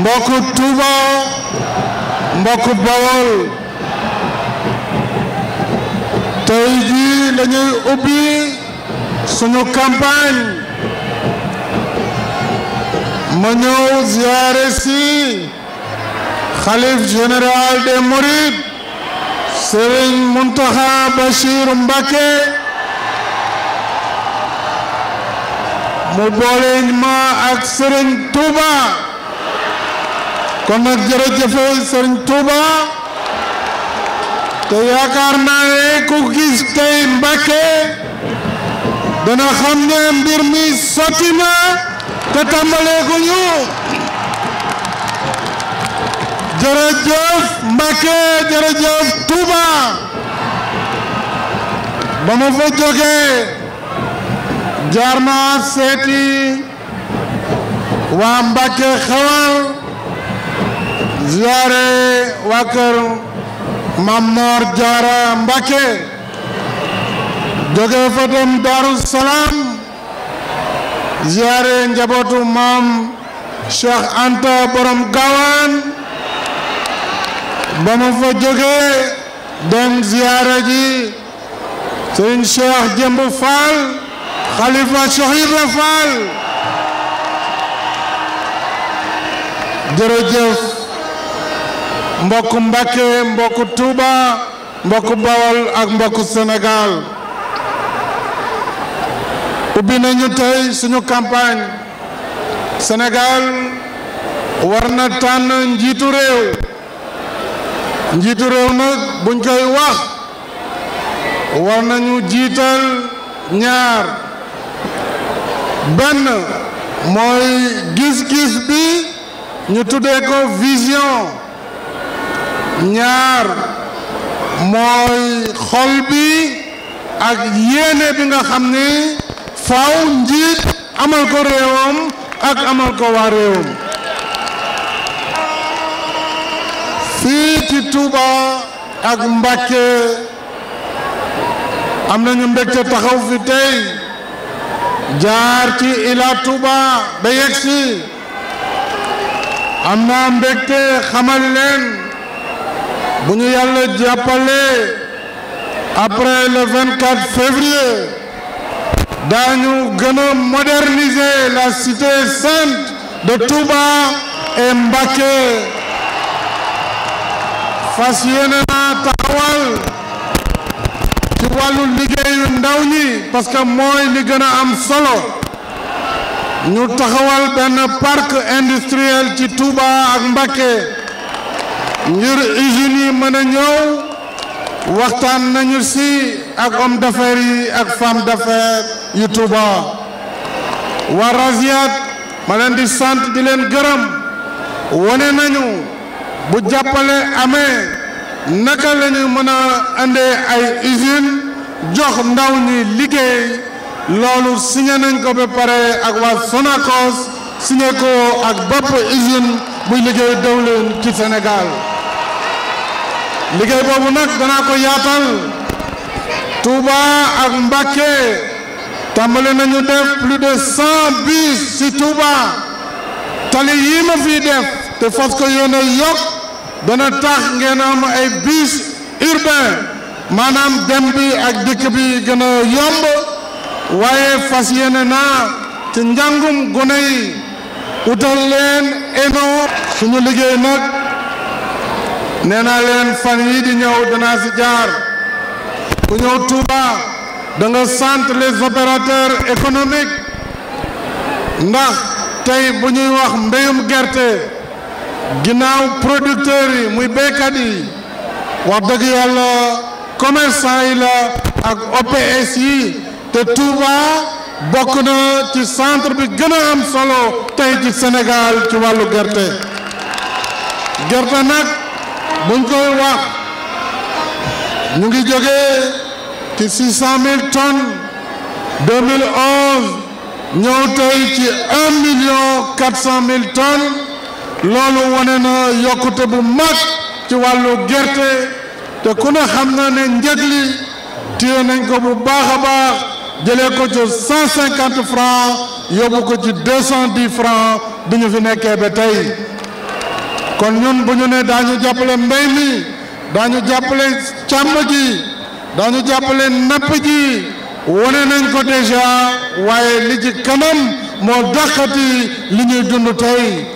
mbokku Touba mbokku Bawol tey jii dañuy ubbi suñu campagne ma ñëw ziare si xalif général des Mourides Serigne Mountakha Bachir Mbacké mu booleñ ma ak sëriñ Touba kon nag jërëjëfe sëriñ Touba te yaakaar naa ne ku gis tey Mbàkke dana xam ne mbir mi sotti na te tàmbalee ko ñu jërëjëf Mbàkke jërëjëf Touba ba ma fa jaar naa seeti waa Mbàkke xewal ziyaare waa kër Maam Moor Jaara Mbàkke jóge fa dem Daaru ziyaare njabootu maam Cheikh Anta borom Gaawaan ba ma fa jóge dem ziyaare ji Sëriñ Cheikh Jëmb Fall Khalifa Cheikh Ibra Fall jërëjëf mbokku Mbakke mbokku Touba mbokku Bawol ak mbokku Sénégal ubbi nañu tey suñu kampañ senegal war na tànn njiitu réew njiitu réew nag buñ wax war nañu jiital ñaar benn mooy gis-gis bi ñu tuddee ko vision ñaar mooy xol bi ak yéene bi nga xam ni faaw njiit amal ko réewam ak amal ko waa réewam fii ci Touba ak Mbacké am nañu mbégte taxaw fi tey jaar ci Ila Touba am naa mbégte xamal leen bu ñu yàlla jàppale après le 24 février daañu gën a la cité sainte de Touba et Mbacké fas yéene naa ci liggéeyu ndaw ñi parce que mooy li gën a am solo ñu taxawal benn parc industriel ci Touba ak Mbacké ngir usines yi mën a ñëw waxtaan nañu si ak homme d'affaires yi ak femme d'affaires yu Touba waa Raziat ma leen di sant di leen gërëm wone nañu bu jàppale amee naka la mën a andee ay usine jox ndaw ñi liggéey loolu signé nañ ko ba pare ak waa Sonacos signé ko ak bopp usine buy liggéey dawlin ci Sénégal liggéey boobu nag danaa ko yaatal Touba ak Mbacké tàmbali nañu def plus de cent bus ci Touba tali yii ma fii def te fas ko yéene yokk dana tax ngeen am ay bis urbain maanaam dem bi ak dikk bi gën a yomb waaye fas yéene naa ci njàngum gone yi utal leen eno suñu liggéey nag nee leen fan yi di ñëw danaa si jaar ku ñëw Touba da sant les opérateurs économiques ndax tey bu ñuy wax mbéyum gerte ginnaaw producteurs yi muy béykat yi wax dëgg yàlla commerçant yi la ak OPS yi te Touba bokk na ci centre bi gën a am solo tey ci Sénégal ci wàllu gerte gerte nag buñ koy wax ñu ngi jógee ci six cent mille tonnes ñëw tey ci mille tonnes. loolu wane na yokkute bu mag ci wàllu gerte te ku ne xam na ne njëg li téye nañ ko bu baax a baax jëlee ko ci cent cinquante francs yóbbu ko ci deux cent dix francs bi ñu fi nekkee ba tey kon ñun bu ñu ne daañu jàppale mbay mi daañu jàppale càmm gi daañu jàppale napp gi wone nañ ko déjà waaye li ci kanam moo dàqati li ñuy dund tey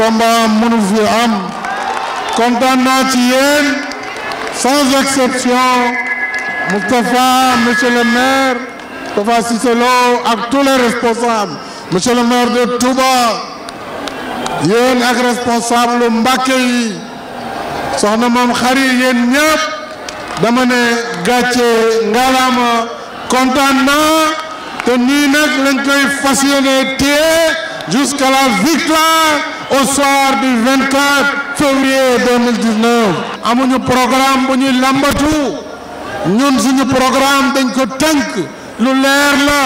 combat mënul fi am kontaan naa ci yéen sans exception Moustapha monsieur le maire Moustapha ak tous les responsables monsieur de Touba yéen ak responsable Mbacké yi soxna dama ne gàcce ngalaama kontaan naa te nii nag lañ koy fas yéene téye jusqu'à la au soir du 24 amuñu programme bu ñuy lambatu ñun suñu programme dañ ko tënk lu leer la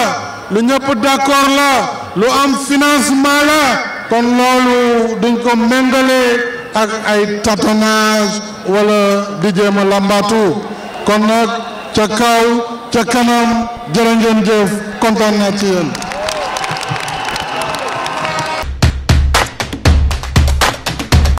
lu ñëpp d'accord la lu am financement la kon loolu duñ ko méngale ak ay tâtonnage wala di jéem a lambatu kon nag ca kaw ca kanam jërë ngeen jëf kontaan naa ci